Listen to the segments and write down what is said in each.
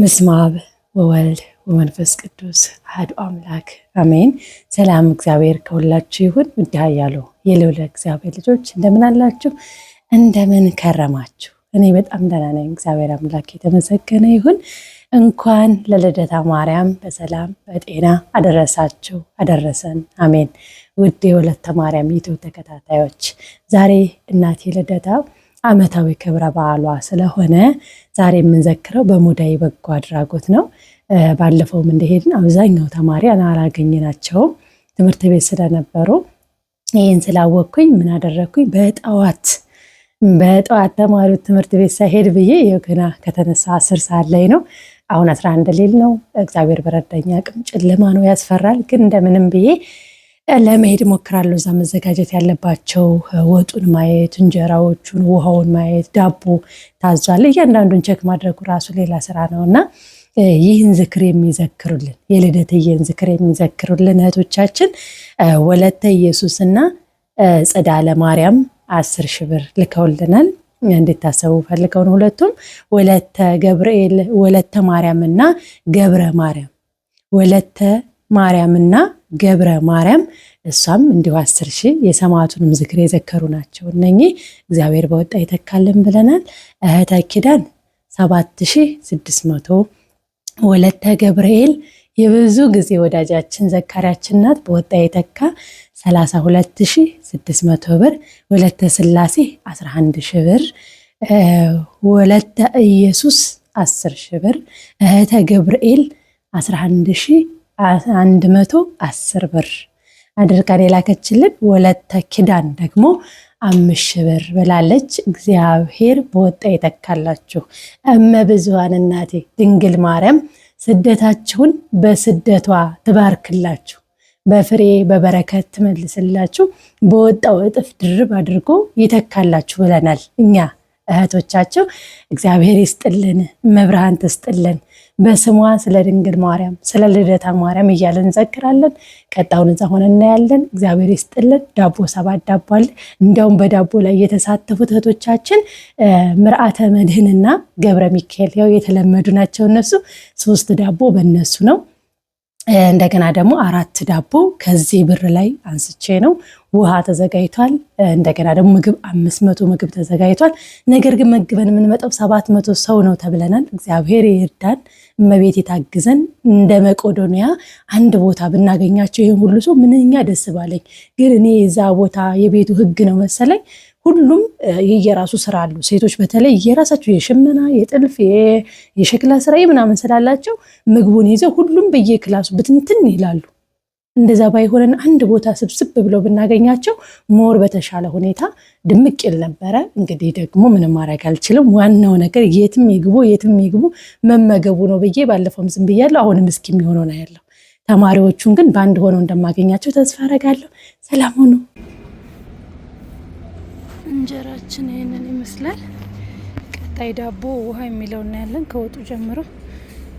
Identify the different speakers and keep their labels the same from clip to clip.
Speaker 1: በስመ አብ ወወልድ ወመንፈስ ቅዱስ አሐዱ አምላክ አሜን። ሰላም እግዚአብሔር ከሁላችሁ ይሁን። ውድ ያሉ የልዑለ እግዚአብሔር ልጆች እንደምን አላችሁ? እንደምን ከረማችሁ? እኔ በጣም ደህና ነኝ። እግዚአብሔር አምላክ የተመሰገነ ይሁን። እንኳን ለልደታ ማርያም በሰላም በጤና አደረሳችሁ አደረሰን። አሜን። ውድ የወለተ ማርያም ዩቲዩብ ተከታታዮች ዛሬ እናቴ ልደታ ዓመታዊ ክብረ በዓሏ ስለሆነ ዛሬ የምንዘክረው በሙዳይ በጎ አድራጎት ነው። ባለፈውም እንደሄድን አብዛኛው ተማሪ ናቸው ትምህርት ቤት ስለነበሩ ይህን ስላወቅኩኝ ምን አደረግኩኝ በጠዋት በጠዋት ተማሪዎች ትምህርት ቤት ሳይሄድ ብዬ ገና ከተነሳ አስር ሰዓት ላይ ነው። አሁን አስራ አንድ ሌል ነው። እግዚአብሔር በረዳኝ አቅም ጨለማ ነው ያስፈራል። ግን እንደምንም ብዬ ለመሄድ እሞክራለሁ። እዛ መዘጋጀት ያለባቸው ወጡን ማየት፣ እንጀራዎቹን፣ ውሃውን ማየት፣ ዳቦ ታዟል። እያንዳንዱን ቸክ ማድረጉ ራሱ ሌላ ስራ ነው እና ይህን ዝክር የሚዘክሩልን የልደትየን ዝክር የሚዘክሩልን እህቶቻችን ወለተ ኢየሱስና ጽዳለ ማርያም አስር ሺህ ብር ልከውልናል። እንድታሰቡ ፈልገውን ሁለቱም ወለተ ገብርኤል፣ ወለተ ማርያምና ገብረ ማርያም፣ ወለተ ማርያምና ገብረ ማርያም እሷም እንዲሁ አስር ሺህ የሰማዕቱንም ዝክር የዘከሩ ናቸው። እነኚህ እግዚአብሔር በወጣ ይተካልን ብለናል። እህተ ኪዳን ሰባት ሺህ ስድስት መቶ ወለተ ገብርኤል የብዙ ጊዜ ወዳጃችን ዘካሪያችን ናት። በወጣ የተካ 32600 ብር። ወለተ ስላሴ 11 ሺ ብር። ወለተ ኢየሱስ 10 ሺ ብር። እህተ ገብርኤል 11 አንድ መቶ አስር ብር አድርጋ የላከችልን ወለተ ኪዳን ደግሞ አምሽ ብር ብላለች። እግዚአብሔር በወጣ ይተካላችሁ። እመ ብዙኃን እናቴ ድንግል ማርያም ስደታችሁን በስደቷ ትባርክላችሁ፣ በፍሬ በበረከት ትመልስላችሁ፣ በወጣው እጥፍ ድርብ አድርጎ ይተካላችሁ ብለናል እኛ እህቶቻቸው። እግዚአብሔር ይስጥልን፣ መብርሃን ትስጥልን። በስሟ ስለ ድንግል ማርያም ስለ ልደታ ማርያም እያለን እንዘክራለን። ቀጣውን እዛ ሆነ እናያለን። እግዚአብሔር ይስጥልን። ዳቦ ሰባት ዳቦ አለ። እንዲያውም በዳቦ ላይ የተሳተፉት እህቶቻችን ምርአተ መድህንና ገብረ ሚካኤል ያው የተለመዱ ናቸው። እነሱ ሶስት ዳቦ በእነሱ ነው። እንደገና ደግሞ አራት ዳቦ ከዚህ ብር ላይ አንስቼ ነው። ውሃ ተዘጋጅቷል። እንደገና ደግሞ ምግብ አምስት መቶ ምግብ ተዘጋጅቷል። ነገር ግን መግበን የምንመጣው ሰባት መቶ ሰው ነው ተብለናል። እግዚአብሔር ይርዳን። እመቤት የታግዘን እንደ መቄዶንያ አንድ ቦታ ብናገኛቸው ይህን ሁሉ ሰው ምንኛ ደስ ባለኝ። ግን እኔ የዛ ቦታ የቤቱ ህግ ነው መሰለኝ። ሁሉም የየራሱ ስራ አሉ። ሴቶች በተለይ የራሳቸው የሽመና፣ የጥልፍ፣ የሸክላ ስራ ምናምን ስላላቸው ምግቡን ይዘው ሁሉም በየክላሱ ብትንትን ይላሉ። እንደዛ ባይሆነን አንድ ቦታ ስብስብ ብለው ብናገኛቸው ሞር በተሻለ ሁኔታ ድምቅ ይል ነበረ። እንግዲህ ደግሞ ምንም ማድረግ አልችልም። ዋናው ነገር የትም ይግቡ የትም ይግቡ መመገቡ ነው ብዬ ባለፈውም ዝም ብያለሁ። አሁንም እስኪ የሚሆነው ነው ያለው። ተማሪዎቹን ግን በአንድ ሆነው እንደማገኛቸው ተስፋ አደርጋለሁ። ሰላም ሆኑ።
Speaker 2: እንጀራችን ይህንን ይመስላል። ቀጣይ ዳቦ ውሃ የሚለው እናያለን። ከወጡ ጀምሮ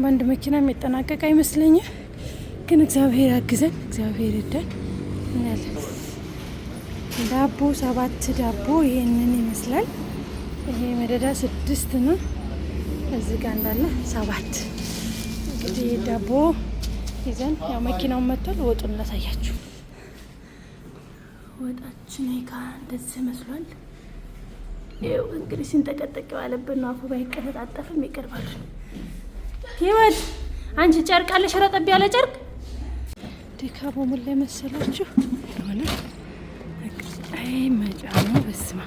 Speaker 2: በአንድ መኪና የሚጠናቀቅ አይመስለኝም። ግን እግዚአብሔር ያግዘን፣ እግዚአብሔር ይርዳን እናያለን። ዳቦ ሰባት ዳቦ ይሄንን ይመስላል። ይሄ መደዳ ስድስት ነው። እዚህ ጋር እንዳለ ሰባት እንግዲህ ዳቦ ይዘን ያው መኪናውን መጥቷል። ወጡን እናሳያችሁ ወጣችን ጋ እንደዚህ መስሏል። ይኸው እንግዲህ ሲንጠቀጠቅ ባለብን ነው። አፉ ባይቀነጣጠፍም ይቀርባሉ። ይወል አንቺ ጨርቅ አለሽ ረጠብ ያለ ጨርቅ ድካሙ ምን ላይ መሰላችሁ ሆነ አይ መጫኑ በስማ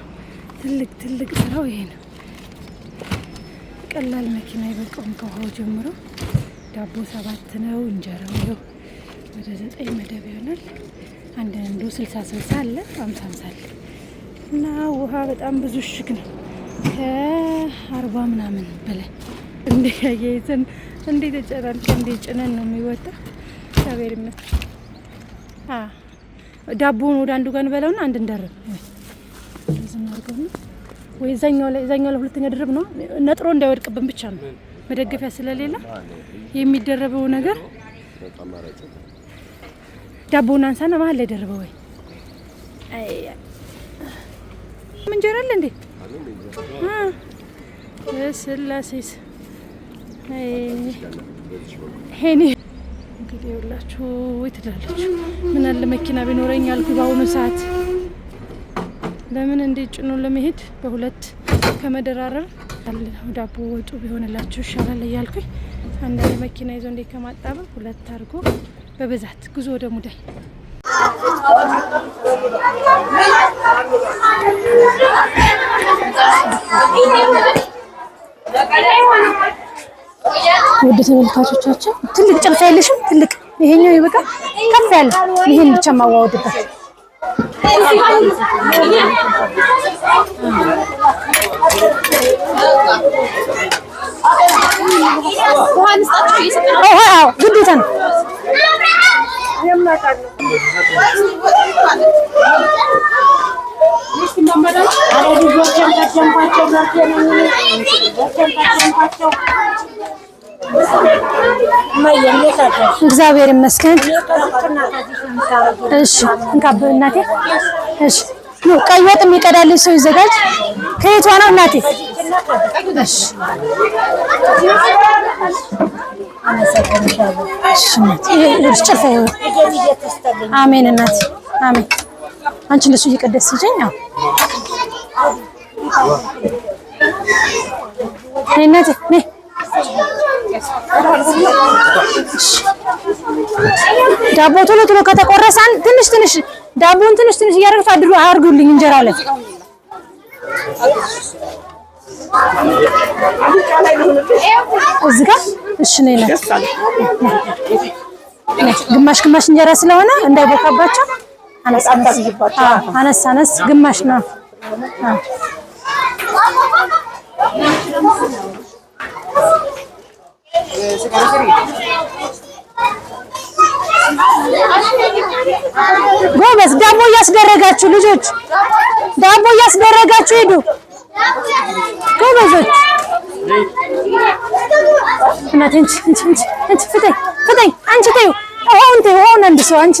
Speaker 2: ትልቅ ትልቅ ስራው ይሄ ነው። ቀላል መኪና ይበቃውም። ከውሃው ጀምሮ ዳቦ ሰባት ነው። እንጀራው ነው ወደ ዘጠኝ መደብ ይሆናል። አንዳንዱ ስልሳ ስልሳ አለ አምሳ አምሳ አለ እና ውሃ በጣም ብዙ እሽግ ነው ከአርባ ምናምን በላይ እንዴ ያየይዘን እንዴ ተጨናንቀ እንዴ ጭነን ነው የሚወጣ እግዚአብሔር ይመስገን። ዳቦን ወደ አንዱ ጋር እንበለውና አንድ እንደርብ ወይ እዛኛው ላይ እዛኛው ላይ ሁለተኛ ድርብ ነው። ነጥሮ እንዳይወድቅብን ብቻ ነው መደገፊያ ስለሌለ የሚደረበው ነገር ዳቦውን አንሳና መሀል ላይ ደርበው ወይ እንጀራ አለ እንዴ? ስላሴስ ሄኔ እንግዲህ ይኸውላችሁ ትላለች። ምን አለ መኪና ቢኖረኝ አልኩ። በአሁኑ ሰዓት ለምን እንዴት ጭኖ ለመሄድ በሁለት ከመደራረብ አለ ዳቦ ወጡ ቢሆንላችሁ ይሻላል እያልኩኝ አንዳንድ መኪና ይዞ እንዴት ከማጣበብ ሁለት አድርጎ በብዛት ጉዞ ወደ ሙዳይ ውድ ተመልካቾቻችን ትልቅ ጨብሳ የለሽም? ትልቅ ይሄኛው ይበቃ፣ ከፍ ያለ ይሄን ብቻ ማዋወድበት ግዴታ ነው። እግዚአብሔር ይመስገን። እሺ እንካብ እናቴ። እሺ ኑ። ቀይ ወጥ የሚቀዳልኝ ሰው ይዘጋጅ። ከየቷ ነው እናቴ? እሺ አሜን እናቴ አሜን። አንቺ እንደሱ እየቀደስ ይጀኝ አው እናቴ ነይ ዳቦ ቶሎ ቶሎ ከተቆረሰ ትንሽ ትንሽ ዳቦን ትንሽ ትንሽ እያደረግሽ አድሩ አድርጉልኝ እንጀራ ላይ እዚህ ጋር እሺ ነኝ ግማሽ ግማሽ እንጀራ ስለሆነ እንዳይቦካባቸው አነስ አነስ ግማሽ ነው። ጎበዝ ዳቦ እያስደረጋችሁ ልጆች ዳቦ እያስደረጋችሁ ሄዱ። ጎበዞች እናቴ አንቺ አንቺ አንቺ ተይው። አሁን ተይው። አሁን አንድ ሰው አንቺ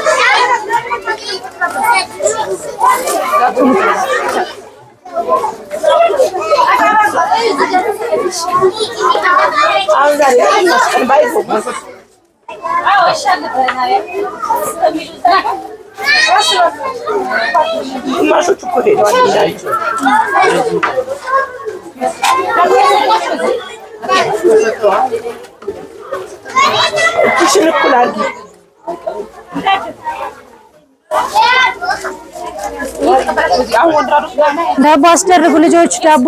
Speaker 2: ግማሾቹ እኮ ሄደዋል። ዳቦ አስደርጉ ልጆች ዳቦ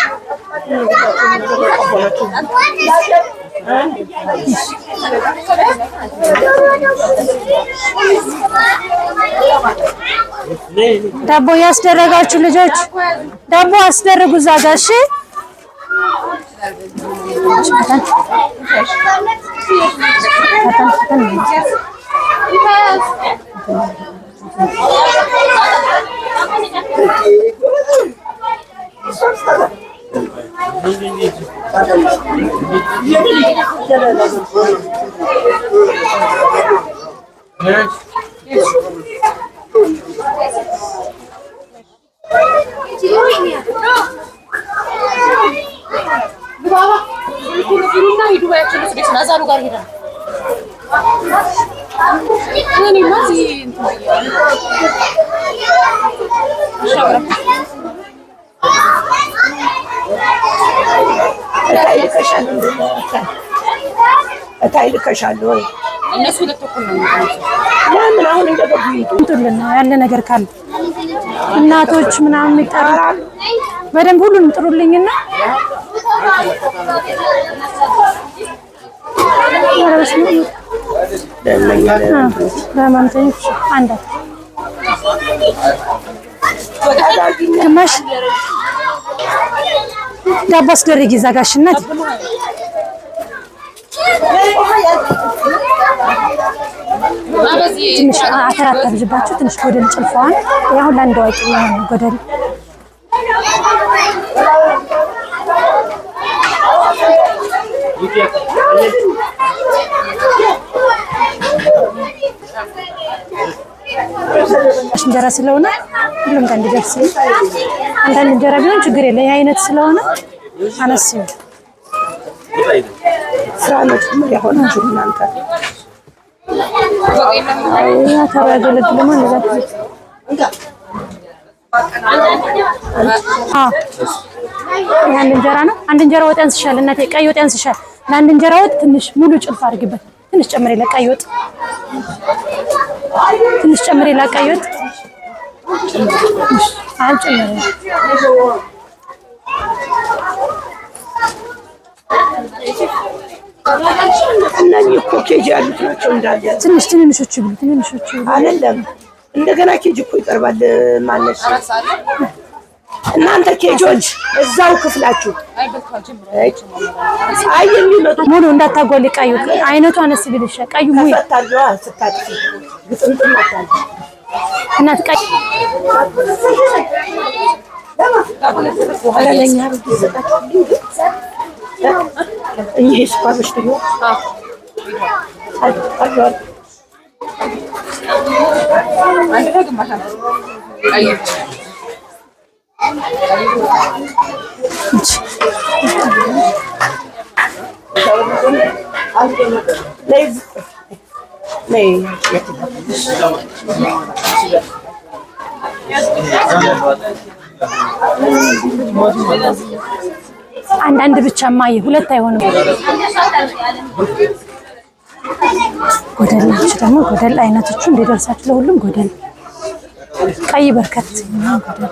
Speaker 2: ዳቦ ያስደረጋችሁ ልጆች ዳቦ አስደርጉ እዛ ጋር እሺ። እታይ ልከሻለሁ ወይ ያለ ነገር ካለ እናቶች ምናምን ይጠራል በደንብ ሁሉን ጥሩልኝና ለማንተኞች አንዳት ግማሽ ዳቦ አስደረጊ እዛ ጋሽ እናት ትንሽ አተራተምጅባችሁ ትንሽ ጎደል ጭልፈዋል። ያሁን ለአንድ አዋቂ የሆነ ጎደል እንጀራ ስለሆነ ሁሉም ጋር እንዲደርስ አንዳንድ እንጀራ ቢሆን ችግር የለ ይህ አይነት ስለሆነ አነስ አንድ እንጀራ ነው። አንድ እንጀራ ወጥ ያንስሻል እናቴ፣ ቀይ ወጥ ያንስሻል። ለአንድ እንጀራ ወጥ ትንሽ ሙሉ ጭልፍ አድርጊበት፣ ትንሽ ጨምር የለ ወጥ ትንሽ ጨምሬ ላቃዩት። አልጨምርም። እነዚህ እኮ ኬጅ ያሉት ናቸው እንዳለ። ትንሽ ትንንሾች ብሉ ትንንሾች አይደለም። እንደገና ኬጅ እኮ ይቀርባል ማነሽ እናንተ ኬጆች እዛው ክፍላችሁ አይ የሚመጡ ሙሉ እንዳታጎል ቀዩ አይነቱ አነስ ቢልሻ ቀዩ ሙይ እናት ቀይ አንዳንድ ብቻ ማየ ሁለት አይሆንም። ጎደል ናቸው ደግሞ ጎደል አይነቶቹ እንደደርሳችሁ ለሁሉም ጎደል ቀይ በርከት ጎደል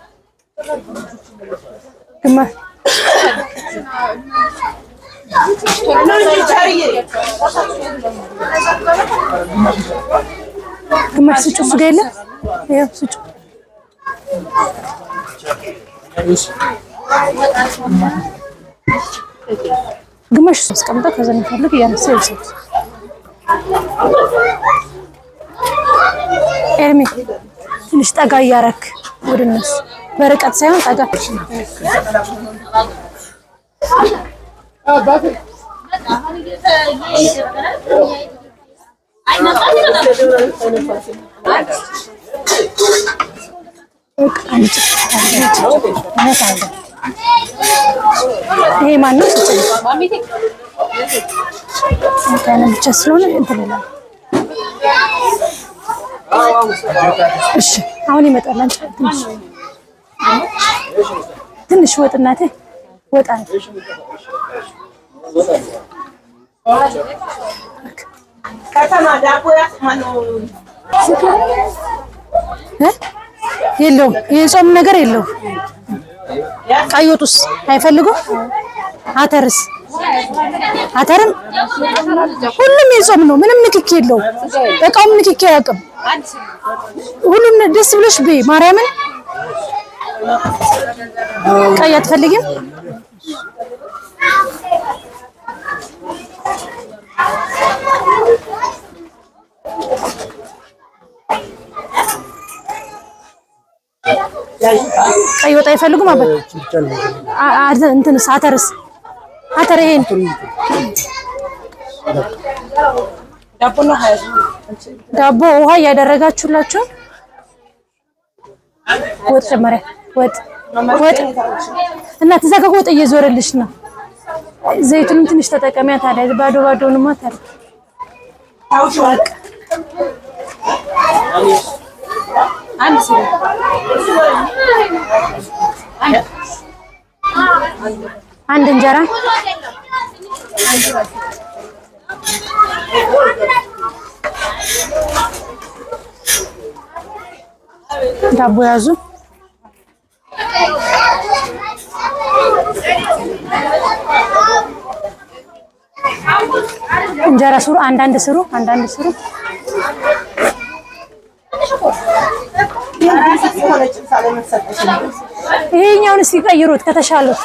Speaker 2: ግማሽ ስጩ እሱ ጋር ያው ስጩ ግማሽ እሱ አስቀምጠው ከዛ የሚፈልግ እያነሳ ኤርሜ ትንሽ ጠጋ እያረክ ወደ እነሱ በርቀት ሳይሆን ጠጋ ይሄ ማነው? ብቻ ስለሆነ እንትን ይላል እሺ፣ አሁን ይመጣል። ትንሽ ትንሽ ወጥ እናቴ ወጣ የለውም። የጾም ነገር የለውም። ቀይ ወጡስ አይፈልጉ አተርስ አተርም ሁሉም የጾም ነው። ምንም ንክኪ የለው እቃውም ንክኪ አያውቅም። ሁሉም ደስ ብሎሽ በይ ማርያምን። ቀይ አትፈልጊም? ቀይ ወጣ አይፈልጉም? አባት እንትን ሳተርስ አተረሄን ዳቦ ውሃ እያደረጋችሁላቸው ወጥ ጀመረ። ወጥ ወጥ እና ተዘጋጋ። ወጥ እየዞረልሽ ነው። ዘይቱንም ትንሽ ተጠቀሚያ። ታዲያ ባዶ ባዶውንማ ታሪክ አንድ እንጀራ ዳቦ ያዙ። እንጀራ ስሩ፣ አንዳንድ ስሩ፣ አንዳንድ ስሩ። ይሄኛውን እስኪ ቀይሩት ከተሻሉት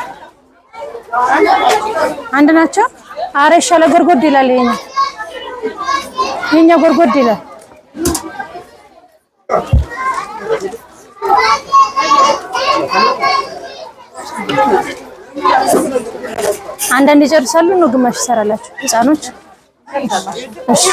Speaker 2: አንድ ናቸው። አረ ይሻላል፣ ጎርጎድ ይላል። ይሄኛ ይሄኛ ጎርጎድ ይላል። አንዳንድ ይጨርሳሉ ነው፣ ግማሽ ይሰራላችሁ ህፃኖች። እሺ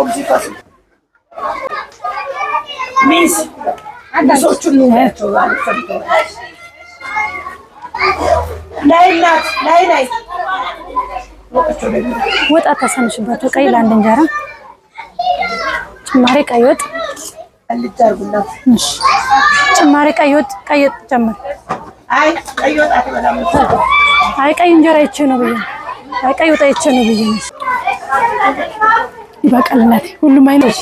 Speaker 2: ሞግዚቷት ሚስ ብዙዎቹን ናያቸው ላይ ናት ላይ ላይ ወጥ አታሳንሽባቸው። ቀይ ለአንድ እንጀራ ጭማሪ ቀይ ወጥ ጭማሪ ቀይ ወጥ ቀይ ወጥ ጨምር። አይ ቀይ እንጀራ ይቼ ነው ብዬሽ ነው። አይ ቀይ ወጥ ይቼ ነው ብዬሽ ነው። ይበቃልናት ሁሉም አይነት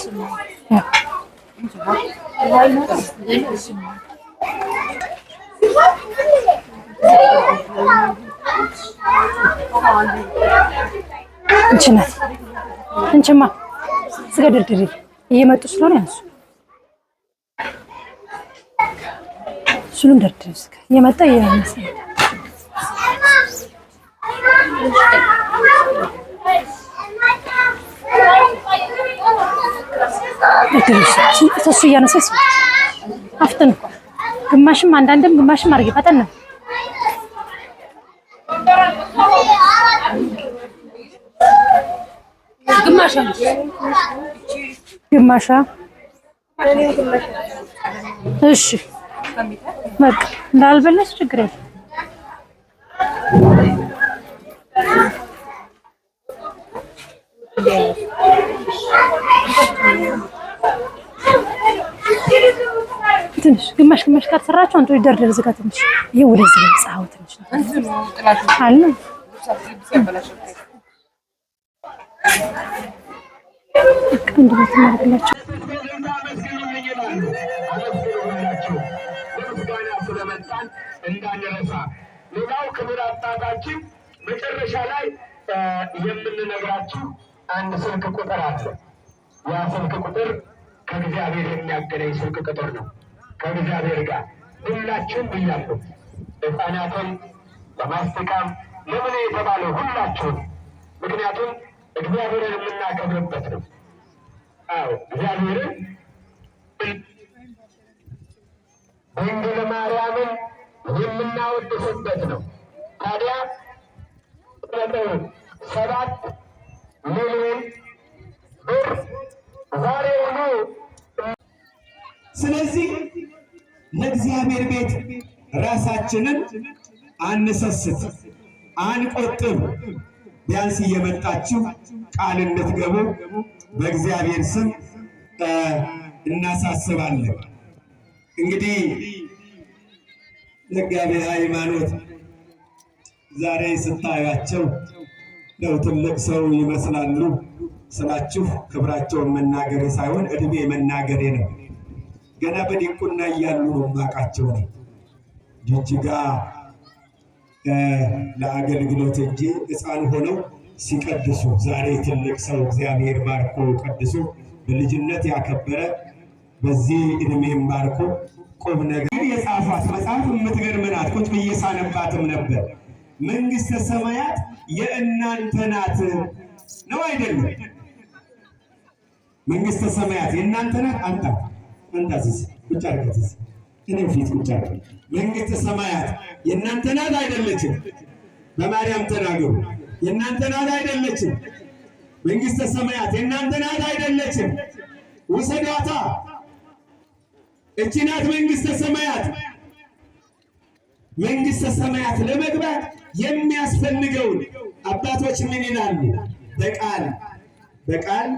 Speaker 2: እንችናት እንችማ ስጋ ድርድር እየመጡ ስለሆነ ያንሱ ሱሉም ደርድር ስጋ እየመጣ እየመሰለ እሱ እያነሳች አፍጥን እኮ ግማሽም አንዳንድም ግማሽም አድርጌ ፈጠን ነው ግማሻ እሺ በቃ እንዳልበለሽ ችግር የለም። ቅመሽ ካልሰራችሁ አንተ ደርደር ዝጋ። ትንሽ ይሄ ወደዚህ ለምጻው ትንሽ አለ እንዴት ማድረግላችሁ እንዳንረሳ። ሌላው ክብር አባታችን መጨረሻ ላይ የምንነግራችሁ አንድ ስልክ ቁጥር አለ። ያ ስልክ ቁጥር ከእግዚአብሔር የሚያገናኝ ስልክ ቁጥር ነው። ከእግዚአብሔር ጋር ሁላችሁም ብያለሁ። ሕፃናትን በማስጠቃም
Speaker 3: ለምን የተባለው ሁላችሁም፣ ምክንያቱም እግዚአብሔርን የምናከብርበት ነው። አዎ እግዚአብሔርን ድንግል ማርያምን የምናወድስበት ነው። ታዲያ ሰባት ሚሊዮን ብር ዛሬ ሆኖ ስለዚህ ለእግዚአብሔር ቤት ራሳችንን አንሰስት፣ አንቆጥብ። ቢያንስ እየመጣችሁ ቃል እንድትገቡ በእግዚአብሔር ስም እናሳስባለን። እንግዲህ መጋቤ ሃይማኖት ዛሬ ስታያቸው ነው ትልቅ ሰው ይመስላሉ ስላችሁ ክብራቸውን መናገሬ ሳይሆን እድሜ መናገሬ ነው። ገና በዲቁና እያሉ ነው ማቃቸው ነው ጅጅጋ ለአገልግሎት እንጂ ሕፃን ሆነው ሲቀድሱ ዛሬ ትልቅ ሰው እግዚአብሔር ባርኮ ቀድሶ በልጅነት ያከበረ በዚህ እድሜም ባርኮ ቁም ነገር የጻፏት መጽሐፍ የምትገርም ናት። ቁጭ ብዬ ሳነባትም ነበር። መንግስተ ሰማያት የእናንተ ናት ነው አይደለም? መንግሥተ ሰማያት የእናንተ ናት አንጣ አንታስስ ብቻ አድርገትስ እኔም ፊት ብቻ አድርገ ሰማያት የእናንተ ናት አይደለችም? በማርያም ተናገሩ። የእናንተ ናት አይደለችም? መንግስተ ሰማያት የእናንተ ናት አይደለችም? ውሰዷታ። እቺ ናት መንግስተ ሰማያት። መንግስተ ሰማያት ለመግባት የሚያስፈልገውን አባቶች ምን ይላሉ? በቃል በቃል